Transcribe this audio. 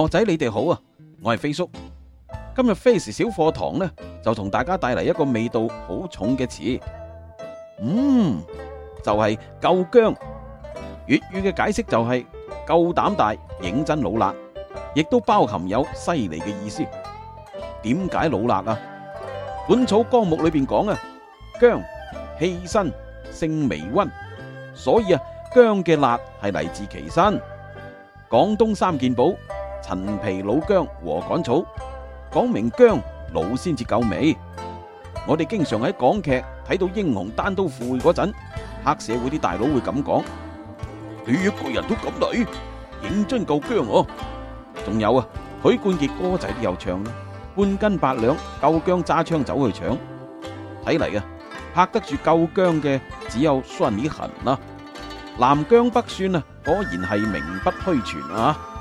學仔，你哋好啊！我係飛叔，今日 Face 小課堂呢，就同大家帶嚟一個味道好重嘅詞，嗯，就係夠薑。粵語嘅解釋就係夠膽大、認真老辣，亦都包含有犀利嘅意思。點解老辣啊？《本草綱目》裏邊講啊，薑氣辛性微温，所以啊，薑嘅辣係嚟自其身。廣東三件寶。陳皮老薑和趕草，講明薑老先至夠味。我哋經常喺港劇睇到英雄單刀赴會嗰陣，黑社會啲大佬會咁講：你一個人都咁嚟，認真夠薑哦、啊。仲有啊，許冠傑歌仔都有唱啦，半斤八兩夠薑，揸槍走去搶。睇嚟啊，拍得住夠薑嘅只有孫以恆啦。南薑北蒜啊，果然係名不虛傳啊！